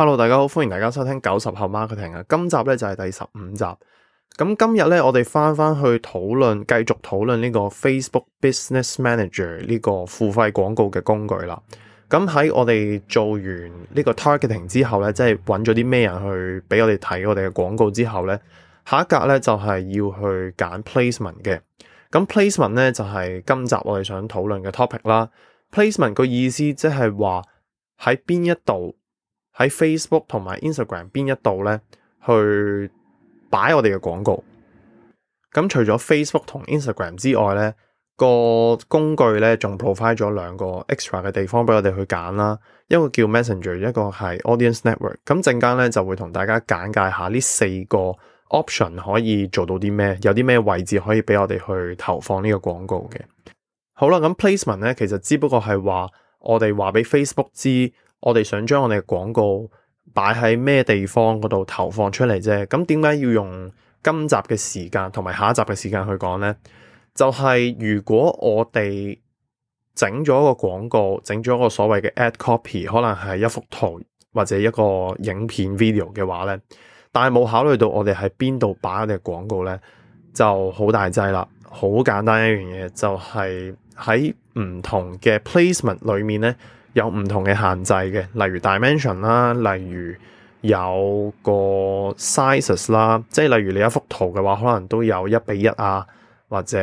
hello，大家好，歡迎大家收聽九十後 marketing 啊，今集咧就係第十五集。咁今日咧，我哋返返去討論，繼續討論呢個 Facebook Business Manager 呢個付費廣告嘅工具啦。咁喺我哋做完呢個 targeting 之後咧，即係揾咗啲咩人去俾我哋睇我哋嘅廣告之後咧，下一格咧就係要去揀 placement 嘅。咁 placement 咧就係今集我哋想討論嘅 topic 啦。placement 個意思即係話喺邊一度。喺 Facebook 同埋 Instagram 邊一度咧，去擺我哋嘅廣告。咁除咗 Facebook 同 Instagram 之外咧，個工具咧仲 provide 咗兩個 extra 嘅地方俾我哋去揀啦。一個叫 Messenger，一個係 Audience Network。咁陣間咧就會同大家簡介下呢四個 option 可以做到啲咩，有啲咩位置可以俾我哋去投放呢個廣告嘅。好啦，咁 placement 咧其實只不過係話我哋話俾 Facebook 知。我哋想將我哋嘅廣告擺喺咩地方嗰度投放出嚟啫？咁點解要用今集嘅時間同埋下一集嘅時間去講呢？就係、是、如果我哋整咗一個廣告，整咗一個所謂嘅 ad copy，可能係一幅圖或者一個影片 video 嘅話呢，但係冇考慮到我哋喺邊度擺我哋嘅廣告呢，就好大劑啦。好簡單一樣嘢就係喺唔同嘅 placement 裏面呢。有唔同嘅限制嘅，例如 dimension 啦，例如有個 sizes 啦，即係例如你一幅圖嘅話可能都有一比一啊，或者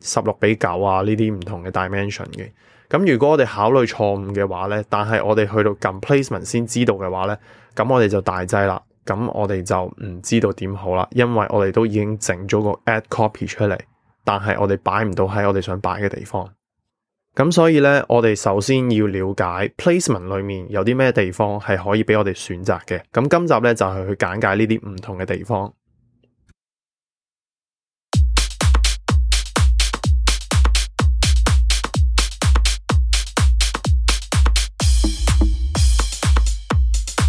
十六比九啊呢啲唔同嘅 dimension 嘅。咁如果我哋考慮錯誤嘅話咧，但係我哋去到 placement 先知道嘅話咧，咁我哋就大劑啦。咁我哋就唔知道點好啦，因為我哋都已經整咗個 ad copy 出嚟，但係我哋擺唔到喺我哋想擺嘅地方。咁所以咧，我哋首先要了解 placement 裏面有啲咩地方係可以俾我哋選擇嘅。咁今集咧就係去簡介呢啲唔同嘅地方。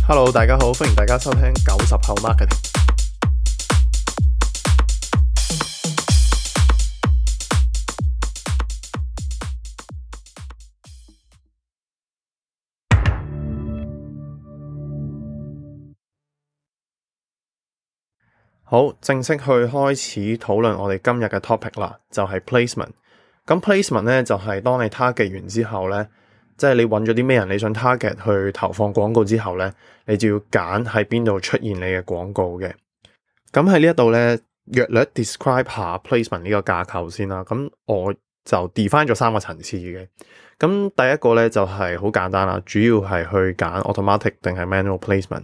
Hello，大家好，歡迎大家收聽九十後 Marketing。好，正式去開始討論我哋今日嘅 topic 啦，就係 placement。咁 placement 咧就係當你 target 完之後咧，即係你揾咗啲咩人，你想 target 去投放廣告之後咧，你就要揀喺邊度出現你嘅廣告嘅。咁喺呢一度咧，略略 describe 下 placement 呢個架構先啦。咁我就 define 咗三個層次嘅。咁第一個咧就係好簡單啦，主要係去揀 automatic 定係 manual placement。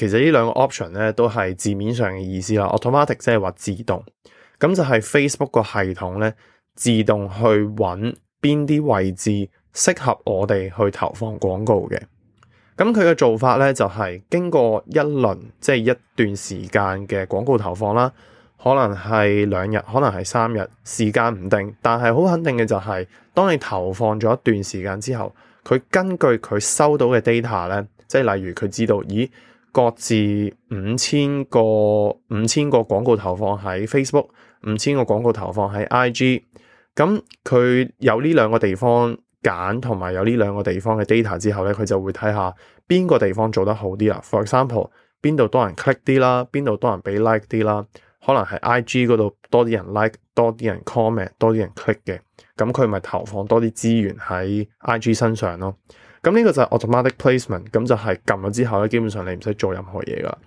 其實呢兩個 option 咧，都係字面上嘅意思啦。Automatic 即係話自動咁，就係 Facebook 個系統咧，自動去揾邊啲位置適合我哋去投放廣告嘅。咁佢嘅做法咧，就係經過一輪，即係一段時間嘅廣告投放啦，可能係兩日，可能係三日，時間唔定。但係好肯定嘅就係，當你投放咗一段時間之後，佢根據佢收到嘅 data 咧，即係例如佢知道，咦？各自五千個五千個廣告投放喺 Facebook，五千個廣告投放喺 IG。咁佢有呢兩個地方揀，同埋有呢兩個地方嘅 data 之後咧，佢就會睇下邊個地方做得好啲啦。For example，邊度多人 click 啲啦，邊度多人俾 like 啲啦、like，可能係 IG 嗰度多啲人 like，多啲人 comment，多啲人 click 嘅。咁佢咪投放多啲資源喺 IG 身上咯。咁呢個就係 automatic placement，咁就係撳咗之後咧，基本上你唔使做任何嘢噶。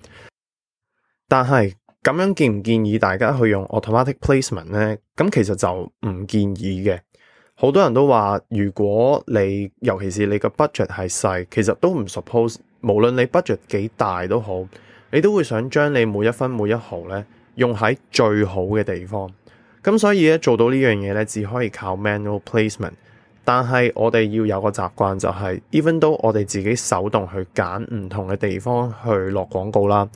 但係咁樣建唔建議大家去用 automatic placement 咧？咁其實就唔建議嘅。好多人都話，如果你尤其是你個 budget 係細，其實都唔 suppose，無論你 budget 幾大都好，你都會想將你每一分每一毫咧用喺最好嘅地方。咁所以咧做到呢樣嘢咧，只可以靠 manual placement。但係我哋要有個習慣就係，even 都我哋自己手動去揀唔同嘅地方去落廣告啦。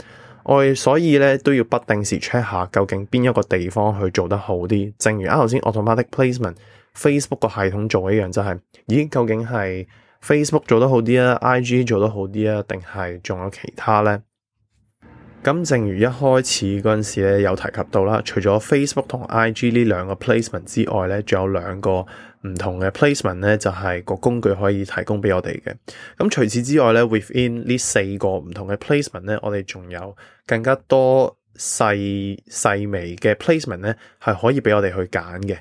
我哋所以咧都要不定時 check 下，究竟邊一個地方去做得好啲。正如啱頭先 Automatic Placement Facebook 個系統做一樣，就係，就係咦，究竟係 Facebook 做得好啲啊，IG 做得好啲啊，定係仲有其他咧？咁正如一開始嗰陣時咧，有提及到啦，除咗 Facebook 同 IG 呢兩個 placement 之外咧，仲有兩個唔同嘅 placement 咧，就係個工具可以提供俾我哋嘅。咁除此之外咧，within 呢四個唔同嘅 placement 咧，我哋仲有更加多細細微嘅 placement 咧，係可以俾我哋去揀嘅。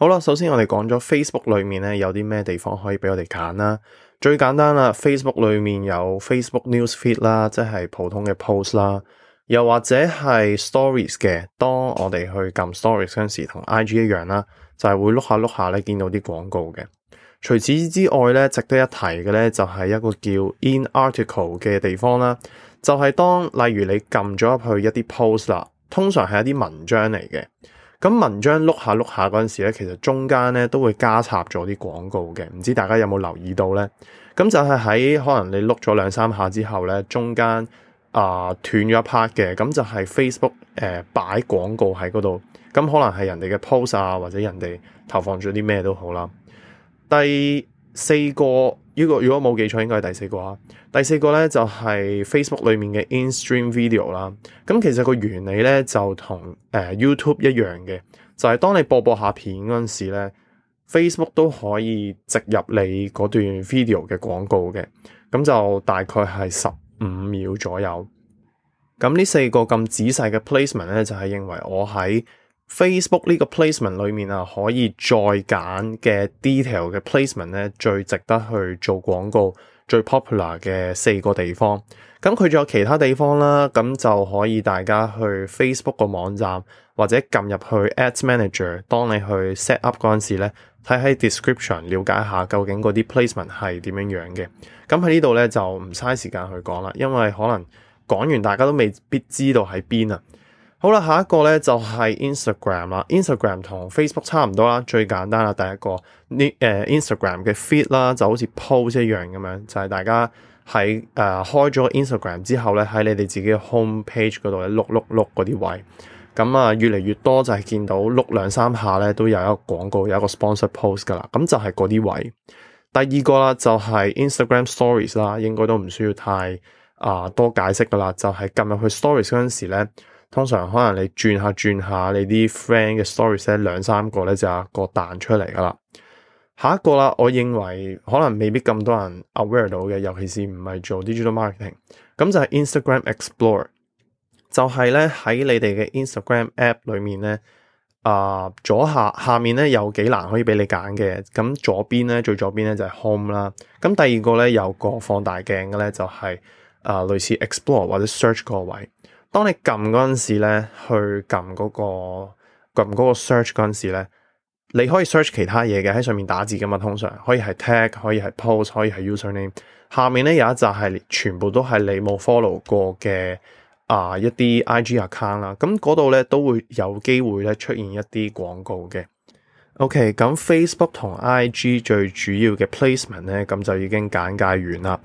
好啦，首先我哋講咗 Facebook 裏面咧有啲咩地方可以俾我哋揀啦。最簡單啦，Facebook 裏面有 Facebook News Feed 啦，即係普通嘅 post 啦，又或者係 Stories 嘅。當我哋去撳 Stories 嗰陣時，同 IG 一樣啦，就係會碌下碌下咧見到啲廣告嘅。除此之外咧，值得一提嘅咧就係一個叫 In Article 嘅地方啦，就係當例如你撳咗入去一啲 post 啦，通常係一啲文章嚟嘅。咁文章碌下碌下嗰陣時咧，其實中間咧都會加插咗啲廣告嘅，唔知大家有冇留意到咧？咁就係喺可能你碌咗兩三下之後咧，中間啊、呃、斷咗一 part 嘅，咁就係 Facebook 誒、呃、擺廣告喺嗰度，咁可能係人哋嘅 post 啊，或者人哋投放咗啲咩都好啦。第四個。呢個如果冇記錯應該係第四個啊！第四個咧就係 Facebook 裡面嘅 Instream Video 啦。咁其實個原理咧就同誒 YouTube 一樣嘅，就係當你播播下片嗰陣時咧，Facebook 都可以植入你嗰段 video 嘅廣告嘅。咁就大概係十五秒左右。咁呢四個咁仔細嘅 placement 咧，就係認為我喺 Facebook 呢個 placement 裏面啊，可以再揀嘅 detail 嘅 placement 咧，最值得去做廣告、最 popular 嘅四個地方。咁佢仲有其他地方啦，咁就可以大家去 Facebook 個網站或者撳入去 Ads Manager。當你去 set up 嗰陣時咧，睇喺 description，了解下究竟嗰啲 placement 係點樣樣嘅。咁喺呢度咧就唔嘥時間去講啦，因為可能講完大家都未必知道喺邊啊。好啦，下一個咧就係 Instagram 啦。Instagram 同 Facebook 差唔多啦，最簡單啦。第一個呢誒、嗯、，Instagram 嘅 feed 啦，就好似 post 一樣咁樣，就係、是、大家喺誒、呃、開咗 Instagram 之後咧，喺你哋自己嘅 home page 嗰度嘅碌碌碌嗰啲位，咁啊越嚟越多就係見到碌兩三下咧，都有一個廣告，有一個 sponsor post 噶啦。咁就係嗰啲位。第二個啦，就係 Instagram stories 啦，應該都唔需要太啊、呃、多解釋噶啦，就係撳入去 stories 嗰陣時咧。通常可能你轉下轉下，你啲 friend 嘅 stories 兩三個咧，就個彈出嚟噶啦。下一個啦，我認為可能未必咁多人 aware 到嘅，尤其是唔係做 digital marketing，咁就係 Instagram Explorer，就係咧喺你哋嘅 Instagram app 裏面咧，啊、呃、左下下面咧有幾欄可以俾你揀嘅，咁左邊咧最左邊咧就係、是、home 啦，咁第二個咧有個放大鏡嘅咧就係、是、啊、呃、類似 Explorer 或者 Search 個位。當你撳嗰陣時咧，去撳嗰個撳嗰個 search 嗰陣時咧，你可以 search 其他嘢嘅喺上面打字噶嘛，通常可以係 tag，可以係 post，可以係 username。下面咧有一扎係全部都係你冇 follow 過嘅啊一啲 IG account 啦，咁嗰度咧都會有機會咧出現一啲廣告嘅。OK，咁 Facebook 同 IG 最主要嘅 placement 咧，咁就已經簡介完啦。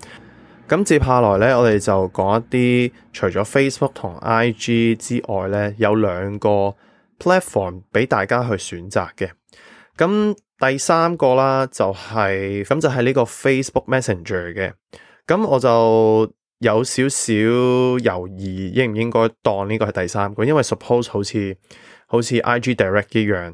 咁接下來咧，我哋就講一啲除咗 Facebook 同 IG 之外咧，有兩個 platform 俾大家去選擇嘅。咁第三個啦，就係，就係咁就係呢個 Facebook Messenger 嘅。咁我就有少少猶豫，應唔應該當呢個係第三個？因為 suppose 好似好似 IG Direct 一樣。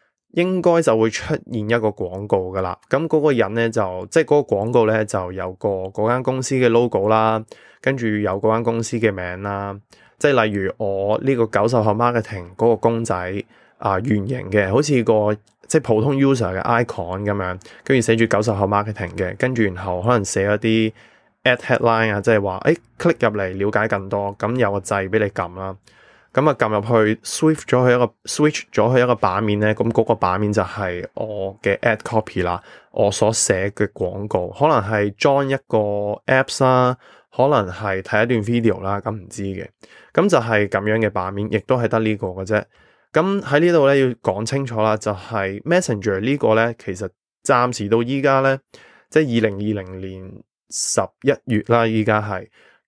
應該就會出現一個廣告噶啦，咁嗰個人咧就即係嗰個廣告咧就有個嗰間公司嘅 logo 啦，跟住有嗰間公司嘅名啦，即係例如我呢個九十後 marketing 嗰個公仔啊，圓形嘅，好似個即係普通 user 嘅 icon 咁樣，跟住寫住九十後 marketing 嘅，跟住然後可能寫一啲 ad headline 啊，即係話誒 click 入嚟了解更多，咁有個掣俾你撳啦。咁啊，撳入去 switch 咗佢一個 switch 咗佢一個版面咧，咁嗰個版面就係我嘅 ad copy 啦，我所寫嘅廣告，可能係裝一個 apps 啦、啊，可能係睇一段 video 啦、啊，咁唔知嘅，咁就係咁樣嘅版面，亦都係得呢個嘅啫。咁喺呢度咧要講清楚啦，就係、是、Messenger 呢個咧，其實暫時到依家咧，即係二零二零年十一月啦，依家係。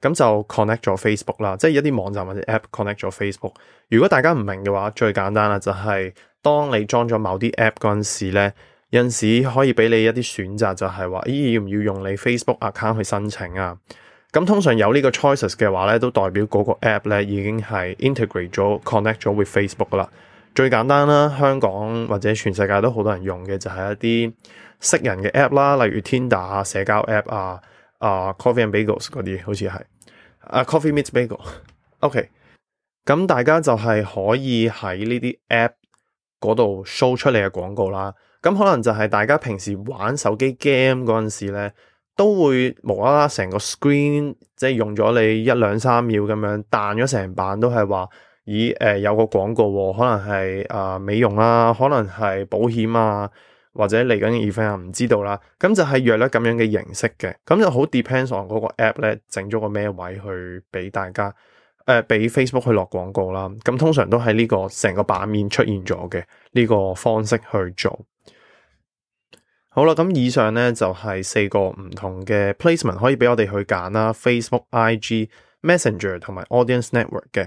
咁就 connect 咗 Facebook 啦，即係一啲網站或者 app connect 咗 Facebook。如果大家唔明嘅話，最簡單啦，就係當你裝咗某啲 app 嗰陣時咧，有陣時可以俾你一啲選擇就，就係話咦要唔要用你 Facebook account 去申請啊？咁通常有個呢個 choices 嘅話咧，都代表嗰個 app 咧已經係 integrate 咗、connect 咗 with Facebook 噶啦。最簡單啦，香港或者全世界都好多人用嘅就係一啲識人嘅 app 啦，例如 Tinder 啊、社交 app 啊、啊 Coffee and Bagels 嗰啲，好似係。啊，Coffee meets Bagel，OK，咁大家就係可以喺呢啲 App 嗰度 show 出你嘅廣告啦。咁可能就係大家平時玩手機 game 嗰陣時咧，都會無啦啦成個 screen 即係用咗你一兩三秒咁樣彈咗成版都係話，咦誒、呃、有個廣告、啊，可能係啊、呃、美容啊，可能係保險啊。或者嚟緊 event 唔知道啦，咁就係約咧咁樣嘅形式嘅，咁就好 depends on 嗰個 app 咧，整咗個咩位去俾大家，誒、呃，俾 Facebook 去落廣告啦，咁通常都喺呢個成個版面出現咗嘅呢個方式去做。好啦，咁以上呢，就係、是、四個唔同嘅 placement 可以俾我哋去揀啦，Facebook、IG、Messenger 同埋 Audience Network 嘅。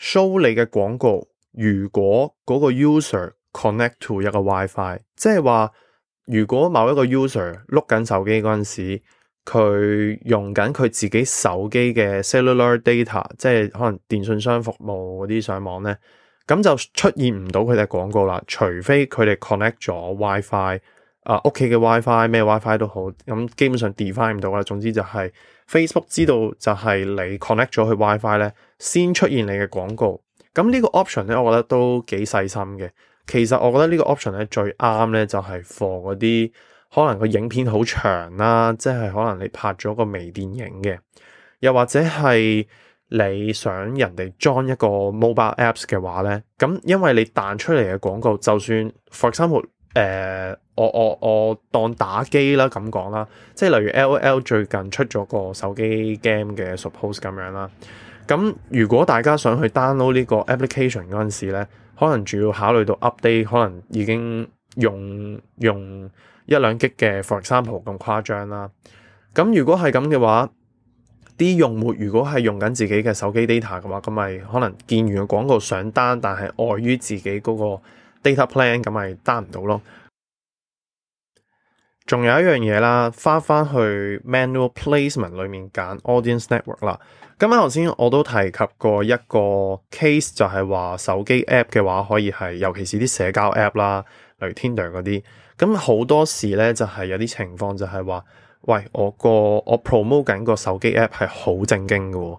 show 你嘅廣告，如果嗰個 user connect to 一個 WiFi，即係話，如果某一個 user 碌緊手機嗰陣時，佢用緊佢自己手機嘅 cellular data，即係可能電信商服務嗰啲上網咧，咁就出現唔到佢哋廣告啦，除非佢哋 connect 咗 WiFi。Fi, 啊，屋企嘅 WiFi 咩 WiFi 都好，咁基本上 define 唔到啦。總之就係 Facebook 知道就係你 connect 咗佢 WiFi 咧，先出現你嘅廣告。咁呢個 option 咧，我覺得都幾細心嘅。其實我覺得個呢個 option 咧最啱咧就係 for 嗰啲可能個影片好長啦、啊，即係可能你拍咗個微電影嘅，又或者係你想人哋裝一個 mobile apps 嘅話咧，咁因為你彈出嚟嘅廣告就算 for example。誒、uh，我我我當打機啦咁講啦，即係例如 L O L 最近出咗個手機 game 嘅 Suppose 咁樣啦。咁如果大家想去 download 呢個 application 嗰陣時咧，可能仲要考慮到 update，可能已經用用一兩 G 嘅 for example 咁誇張啦。咁如果係咁嘅話，啲用戶如果係用緊自己嘅手機 data 嘅話，咁咪可能見完個廣告上單，但係礙於自己嗰、那個。data plan 咁咪 down 唔到咯？仲有一樣嘢啦，翻翻去 manual placement 裡面揀 audience network 啦。咁啊，頭先我都提及過一個 case，就係話手機 app 嘅話可以係，尤其是啲社交 app 啦，例如 Tinder 嗰啲。咁好多時咧，就係有啲情況就係話，喂，我個我 promote 緊個手機 app 係好正經嘅喎。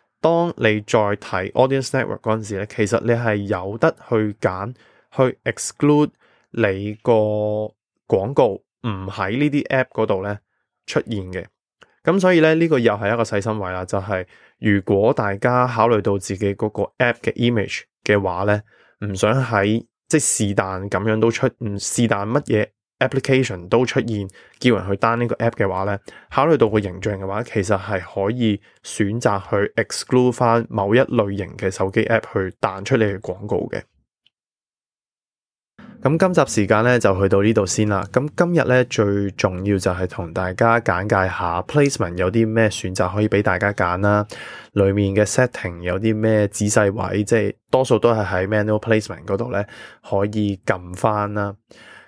當你再睇 Audience Network 嗰陣時咧，其實你係有得去揀，去 exclude 你個廣告唔喺呢啲 App 度咧出現嘅。咁所以咧，呢、呢個又係一個細心位啦。就係如果大家考慮到自己嗰個 App 嘅 image 嘅話咧，唔想喺即係是但咁樣都出，嗯是但乜嘢。application 都出現叫人去 down 呢個 app 嘅話咧，考慮到個形象嘅話，其實係可以選擇去 exclude 翻某一類型嘅手機 app 去彈出你嘅廣告嘅。咁今集時間咧就去到呢度先啦。咁今日咧最重要就係同大家簡介下 placement 有啲咩選擇可以俾大家揀啦，裡面嘅 setting 有啲咩仔細位，即係多數都係喺 manual placement 嗰度咧可以撳翻啦。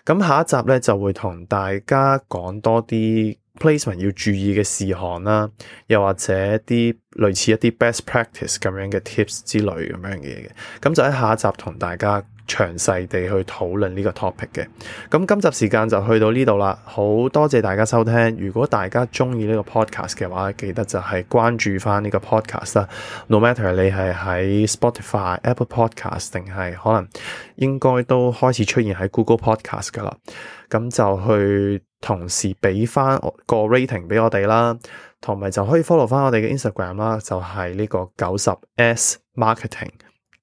咁下一集咧就會同大家講多啲 placement 要注意嘅事項啦，又或者啲類似一啲 best practice 咁樣嘅 tips 之類咁樣嘢嘅，咁就喺下一集同大家詳細地去討論呢個 topic 嘅，咁今集時間就去到呢度啦，好多謝大家收聽。如果大家中意呢個 podcast 嘅話，記得就係關注翻呢個 podcast 啦。No matter 你係喺 Spotify、Apple Podcast 定係可能，應該都開始出現喺 Google Podcast 噶啦。咁就去同時俾翻個 rating 俾我哋啦，同埋就可以 follow 翻我哋嘅 Instagram 啦，就係呢個 90S Marketing。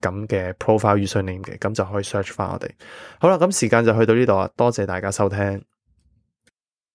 咁嘅 profile 與姓名嘅，咁就可以 search 翻我哋。好啦，咁時間就去到呢度啦，多謝大家收聽。